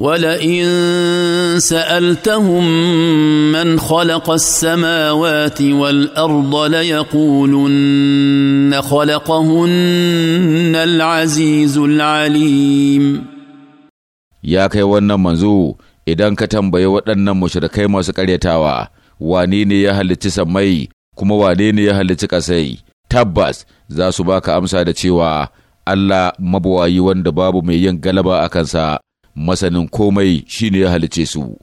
ولئن سالتهم من خلق السماوات والارض ليقولن خلقهن العزيز العليم يا kai wannan manzo idan ka tambayi waɗannan mushrikai masu ƙaryatawa wane ne ya halicci sammai kuma wane ne ya halicci ƙasai tabbas za su baka amsa da cewa Allah mabawayi wanda babu mai yin galaba a kansa masanin komai shi ne ya halice su